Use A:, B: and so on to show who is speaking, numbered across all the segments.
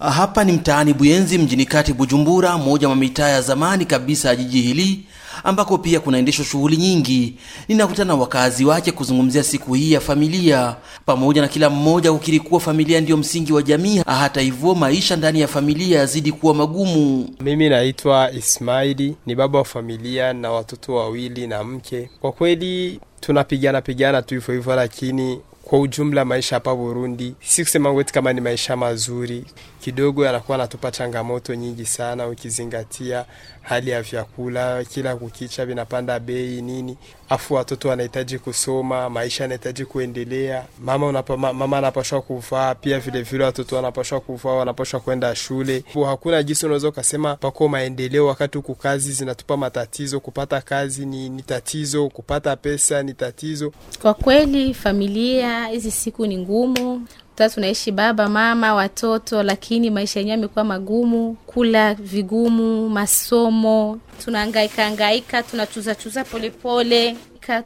A: Ah, hapa ni mtaani Buyenzi mjini kati Bujumbura, moja wa mitaa ya zamani kabisa ya jiji hili ambako pia kunaendeshwa shughuli nyingi. Ninakutana wakazi wake kuzungumzia siku hii ya familia, pamoja na kila mmoja kukiri kuwa familia ndiyo msingi wa jamii. Ah, hata hivyo,
B: maisha ndani ya familia yazidi kuwa magumu. Mimi naitwa Ismaili, ni baba wa familia na watoto wawili na mke. Kwa kweli tunapigana pigana tu hivyo hivyo, lakini kwa ujumla maisha hapa Burundi si kusema wetu kama ni maisha mazuri kidogo, yanakuwa natupa changamoto nyingi sana ukizingatia hali ya vyakula kila kukicha vinapanda bei nini, afu watoto wanahitaji kusoma, maisha yanahitaji kuendelea. Mama unapa, mama anapashwa kuvaa pia vile vile, watoto wanapashwa kuvaa, wanapashwa kwenda shule. Hakuna jinsi unaweza ukasema pako maendeleo wakati huku kazi zinatupa matatizo. Kupata kazi ni, ni tatizo, kupata pesa ni tatizo.
C: Kwa kweli familia hizi siku ni ngumu. Sasa tunaishi baba mama, watoto, lakini maisha yenyewe amekuwa magumu, kula vigumu, masomo tunaangaika angaika tunachuzachuza polepole,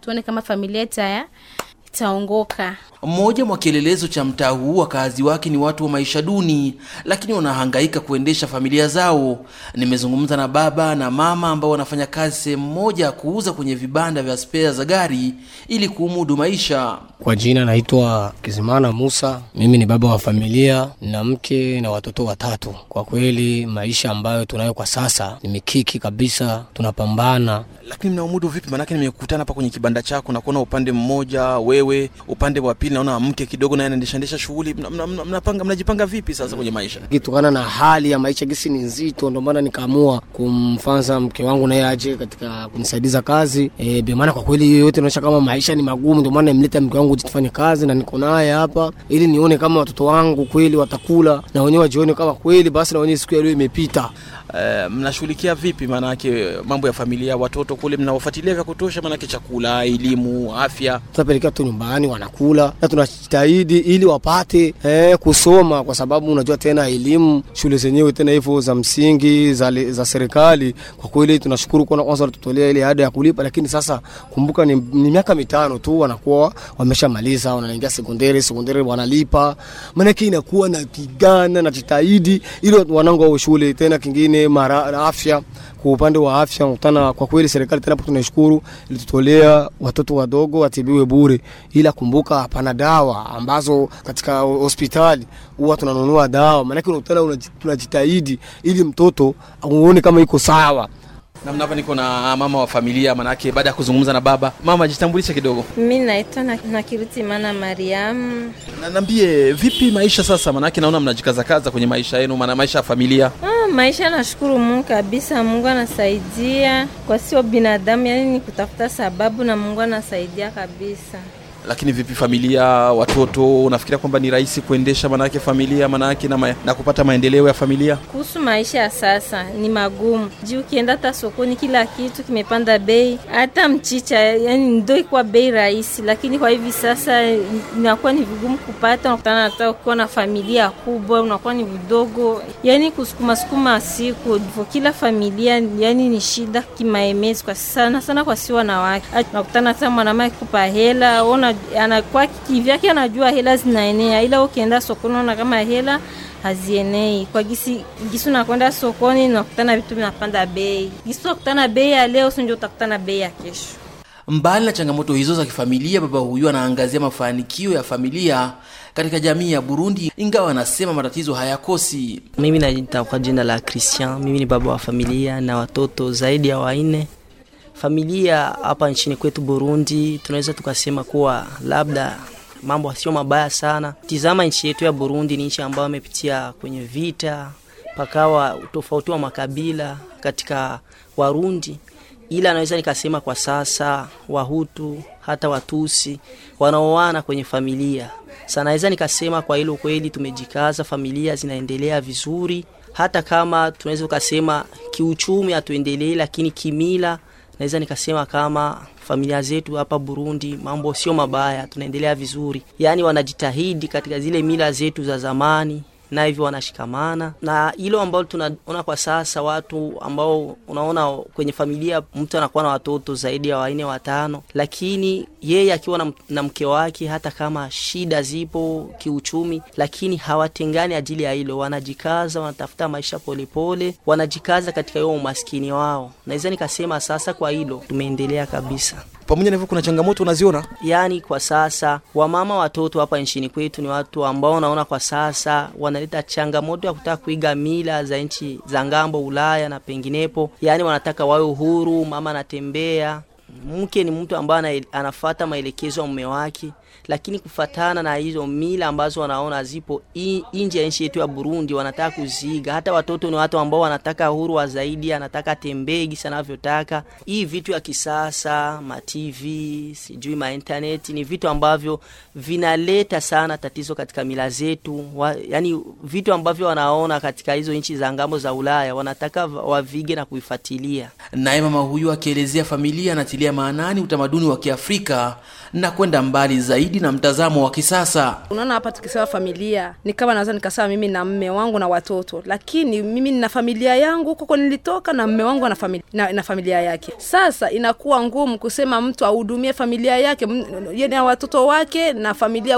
C: tuone kama familia yetu haya taongoka.
A: Mmoja mwa kielelezo cha mtaa huu, wakaazi wake ni watu wa maisha duni, lakini wanahangaika kuendesha familia zao. Nimezungumza na baba na mama ambao wanafanya kazi sehemu moja ya kuuza kwenye vibanda vya spea za gari ili kuumudu maisha.
B: Kwa jina naitwa Kizimana Musa, mimi ni baba wa familia na mke na watoto watatu. Kwa kweli maisha ambayo tunayo kwa sasa ni mikiki kabisa, tunapambana.
A: Lakini mnaumudu vipi? Maanake nimekutana hapa kwenye kibanda chako na kuona upande mmoja wewe wewe, upande wa pili naona mke kidogo naye anaendeshaendesha shughuli, mnapanga mnajipanga vipi sasa kwenye maisha?
B: Kitokana na hali ya maisha gisi ni nzito, ndio maana nikaamua kumfanza mke wangu naye aje katika kunisaidiza kazi e, bi maana kwa kweli yote inaonyesha kama maisha ni magumu, ndio maana nimleta mke wangu tufanye kazi na niko naye hapa ili nione kama watoto wangu kweli watakula na wenyewe wajione kama kweli basi na wenyewe siku ya leo imepita.
A: Eh, mnashughulikia vipi? Maanake mambo ya familia, watoto kule mnawafuatilia vya kutosha? Maanake chakula, elimu, afya,
B: tunapelekea tu nyumbani wanakula, na tunajitahidi ili wapate eh, kusoma, kwa sababu unajua tena elimu shule zenyewe tena hivyo za msingi za, za serikali. Kwa kweli tunashukuru kuona kwanza watutolea ile ada ya kulipa, lakini sasa kumbuka ni, ni miaka mitano tu wanakuwa wameshamaliza, wanaingia sekondari. Sekondari wanalipa, maanake inakuwa napigana na jitahidi ili wanangu wao shule tena kingine mara afya kwa upande wa afya utana kwa kweli serikali tena tunashukuru, ilitutolea watoto wadogo watibiwe bure, ila kumbuka, hapana dawa ambazo katika hospitali huwa tunanunua dawa, maana
D: tunajitahidi ili mtoto
B: uone kama iko sawa
A: Namna hapa niko na mama wa familia, manake baada ya kuzungumza na baba. Mama, jitambulishe kidogo.
D: Mimi naitwa kiruti Mana Mariam.
A: Na niambie vipi maisha sasa, manake naona mnajikazakaza kwenye maisha yenu, maana maisha ya familia.
D: Ah, maisha nashukuru Mungu kabisa, Mungu anasaidia kwa sio binadamu, yani ni kutafuta sababu na Mungu anasaidia kabisa.
A: Lakini vipi familia, watoto, unafikiria kwamba ni rahisi kuendesha manake familia manake na, ma na kupata maendeleo ya familia?
D: Kuhusu maisha ya sasa ni magumu juu, ukienda hata sokoni kila kitu kimepanda bei, hata mchicha yani ndo ikuwa bei rahisi, lakini kwa hivi sasa inakuwa ni vigumu kupata. Unakutana hata ukiwa na familia kubwa, unakuwa ni vidogo, yani kusukumasukuma siku o kila familia, yani ni shida kimaemezi kwa sana sana kwa si wanawake, hata mwanamama kupa hela ona anakuwa kivyake, anajua hela zinaenea, ila ukienda sokoni na kama hela hazienei kwa gisi gisi. Unakwenda sokoni unakutana vitu vinapanda bei, gisi unakutana bei ya leo sinjo utakutana bei ya kesho.
A: Mbali na changamoto hizo za kifamilia, baba huyu anaangazia mafanikio ya familia katika jamii ya Burundi, ingawa anasema matatizo hayakosi.
E: Mimi najiita kwa jina la Christian, mimi ni baba wa familia na watoto zaidi ya wanne familia hapa nchini kwetu Burundi, tunaweza tukasema kuwa labda mambo sio mabaya sana. Tizama nchi yetu ya Burundi ni nchi ambayo amepitia kwenye vita, pakawa tofauti wa makabila katika Warundi, ila naweza nikasema kwa sasa Wahutu hata Watusi wanaoana kwenye familia sana. Naweza nikasema kwa hilo kweli tumejikaza, familia zinaendelea vizuri, hata kama tunaweza ukasema kiuchumi hatuendelei, lakini kimila naweza nikasema kama familia zetu hapa Burundi mambo sio mabaya, tunaendelea vizuri, yaani wanajitahidi katika zile mila zetu za zamani na hivyo wanashikamana na hilo ambalo tunaona kwa sasa, watu ambao unaona kwenye familia mtu anakuwa na watoto zaidi ya wanne watano, lakini yeye akiwa na, na mke wake, hata kama shida zipo kiuchumi, lakini hawatengani ajili ya hilo, wanajikaza, wanatafuta maisha polepole pole, wanajikaza katika hiyo umaskini wao. Naweza nikasema sasa kwa hilo tumeendelea kabisa
A: pamoja na hivyo kuna changamoto unaziona?
E: Yaani kwa sasa wamama watoto hapa nchini kwetu ni watu ambao naona kwa sasa wanaleta changamoto ya kutaka kuiga mila za nchi za ngambo Ulaya na penginepo. Yaani wanataka wawe uhuru, mama anatembea, mke ni mtu ambaye anafata maelekezo ya mume wake lakini kufatana na hizo mila ambazo wanaona zipo nje ya nchi yetu ya Burundi, wanataka kuziga Hata watoto ni watu ambao wanataka uhuru wa zaidi, anataka tembee gisa anavyotaka. Hii vitu ya kisasa, ma TV sijui ma internet, ni vitu ambavyo vinaleta sana tatizo katika mila zetu wa, yani vitu ambavyo wanaona katika hizo nchi za ngambo za Ulaya wanataka wavige na kuifuatilia.
A: Naye mama huyu akielezea familia anatilia maanani utamaduni wa Kiafrika na kwenda mbali zaidi zaidi na mtazamo wa kisasa.
C: Unaona hapa tukisema familia ni kama naweza nikasema mimi na mme wangu na watoto, lakini mimi nina familia yangu huko nilitoka, na mme wangu na familia, na, na familia yake. Sasa inakuwa ngumu kusema mtu ahudumie familia yake na watoto wake na familia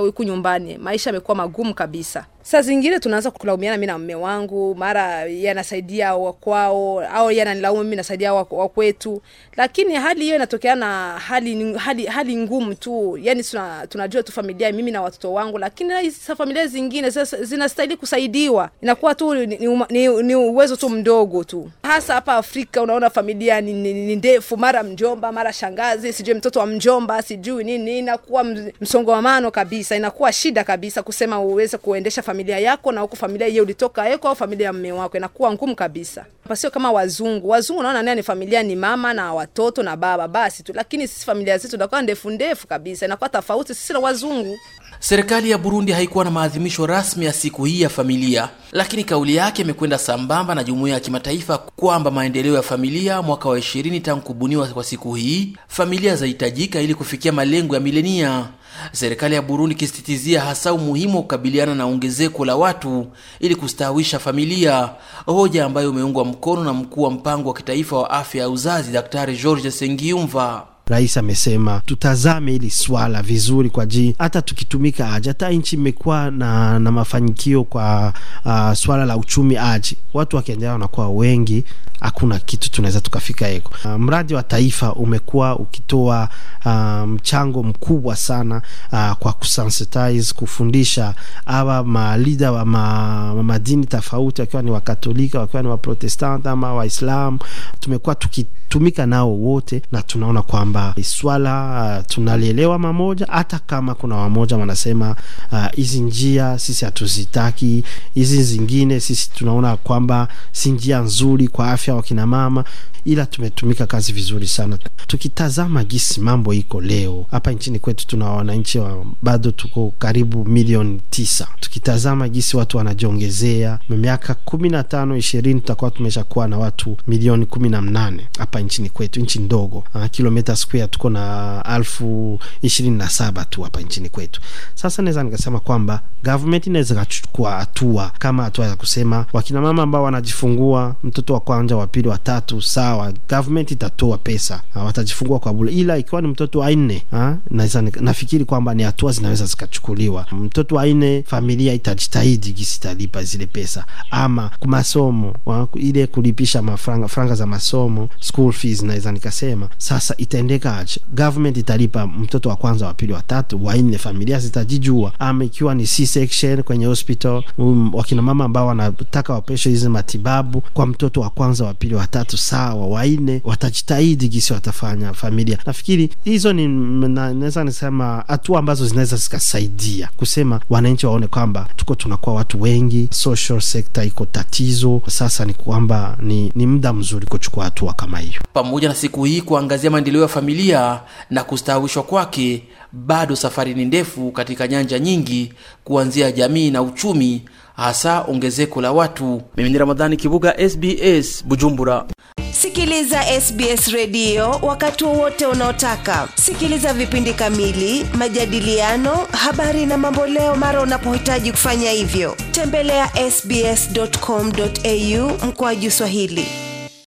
C: huku nyumbani. Maisha yamekuwa magumu kabisa. Saa zingine tunaanza kulaumiana mi na mume wangu, mara yanasaidia wakwao au yananilaumu mi nasaidia wa, kwetu, lakini hali hiyo inatokea na hali, hali, hali ngumu tu, yani tunajua tu familia mimi na watoto wangu, lakini sa familia zingine zinastahili kusaidiwa, inakuwa tu ni, ni, ni, ni uwezo tu mdogo tu hasa hapa Afrika unaona familia ni, ni, ni ndefu, mara mjomba, mara shangazi, sijui mtoto wa mjomba, sijui nini, inakuwa msongamano kabisa, inakuwa shida kabisa kusema uweze kuendesha familia yako na huko familia hiyo ulitoka yako au familia ya mume wako, inakuwa ngumu kabisa. Hapa sio kama wazungu. Wazungu unaona nani, familia ni mama na watoto na baba basi tu, lakini sisi familia zetu zinakuwa ndefu ndefu kabisa, inakuwa tofauti sisi na wazungu.
A: Serikali ya Burundi haikuwa na maadhimisho rasmi ya siku hii ya familia, lakini kauli yake imekwenda sambamba na jumuiya ya kimataifa kwamba maendeleo ya familia mwaka wa 20 tangu kubuniwa kwa siku hii, familia zahitajika ili kufikia malengo ya milenia. Serikali ya Burundi ikisisitizia hasa umuhimu wa kukabiliana na ongezeko la watu ili kustawisha familia, hoja ambayo imeungwa mkono na mkuu wa mpango wa kitaifa wa afya ya uzazi Daktari George Sengiyumva.
F: Rais amesema tutazame hili swala vizuri, kwa jii hata tukitumika aje, hata nchi imekuwa na, na mafanikio kwa uh, swala la uchumi aje, watu wakiendelea wanakuwa wengi hakuna kitu tunaweza tukafika eko. Uh, mradi wa taifa umekuwa ukitoa ah, mchango mkubwa sana uh, kwa kusensitize kufundisha hawa malida wa ma, madini tofauti, wakiwa ni Wakatolika, wakiwa ni Waprotestant ama Waislam, tumekuwa tukitumika nao wote, na tunaona kwamba swala uh, tunalielewa mamoja, hata kama kuna wamoja wanasema hizi uh, njia sisi hatuzitaki, hizi zingine sisi tunaona kwamba si njia nzuri kwa afya wakina mama, ila tumetumika kazi vizuri sana. Tukitazama gisi mambo iko leo hapa nchini kwetu, tuna wananchi wa bado tuko karibu milioni tisa. Tukitazama gisi watu wanajiongezea miaka kumi na tano ishirini, tutakuwa tumeshakuwa na watu milioni kumi na mnane hapa nchini kwetu, nchi ndogo. Ah, kilomita square tuko na alfu ishirini na saba tu hapa nchini kwetu. Sasa naweza nikasema kwamba government inaweza kachukua hatua kama hatua ya kusema wakinamama ambao wanajifungua mtoto wa kwanza wa pili wa tatu, sawa, government itatoa pesa, ah, watajifungua kwa bure, ila ikiwa ni mtoto wa nne ah, naweza nafikiri kwamba ni hatua zinaweza zikachukuliwa. Mtoto wa nne, familia itajitahidi gisi italipa zile pesa, ama masomo ile kulipisha mafranga franga za masomo school fees, naweza nikasema sasa itaendekaje? Government italipa mtoto wa kwanza, wa pili, wa tatu, wa nne, familia zitajijua, ama ikiwa ni C section kwenye hospital, um, wakina mama ambao wanataka wapeshe hizi matibabu kwa mtoto wa kwanza wa pili, watatu sawa, wanne watajitahidi gisi watafanya familia. Nafikiri hizo ni naweza nisema hatua ambazo zinaweza zikasaidia kusema wananchi waone kwamba tuko tunakuwa watu wengi, social sector iko tatizo. Sasa ni kwamba ni, ni muda mzuri kuchukua hatua kama hiyo,
A: pamoja na siku hii kuangazia maendeleo ya familia na kustawishwa kwake. Bado safari ni ndefu katika nyanja nyingi, kuanzia jamii na uchumi hasa ongezeko la watu. Mimi ni Ramadhani Kibuga, SBS Bujumbura.
C: Sikiliza SBS redio wakati wowote unaotaka. Sikiliza vipindi kamili, majadiliano, habari na mamboleo mara unapohitaji kufanya hivyo. Tembelea sbs.com.au mkoaji Swahili.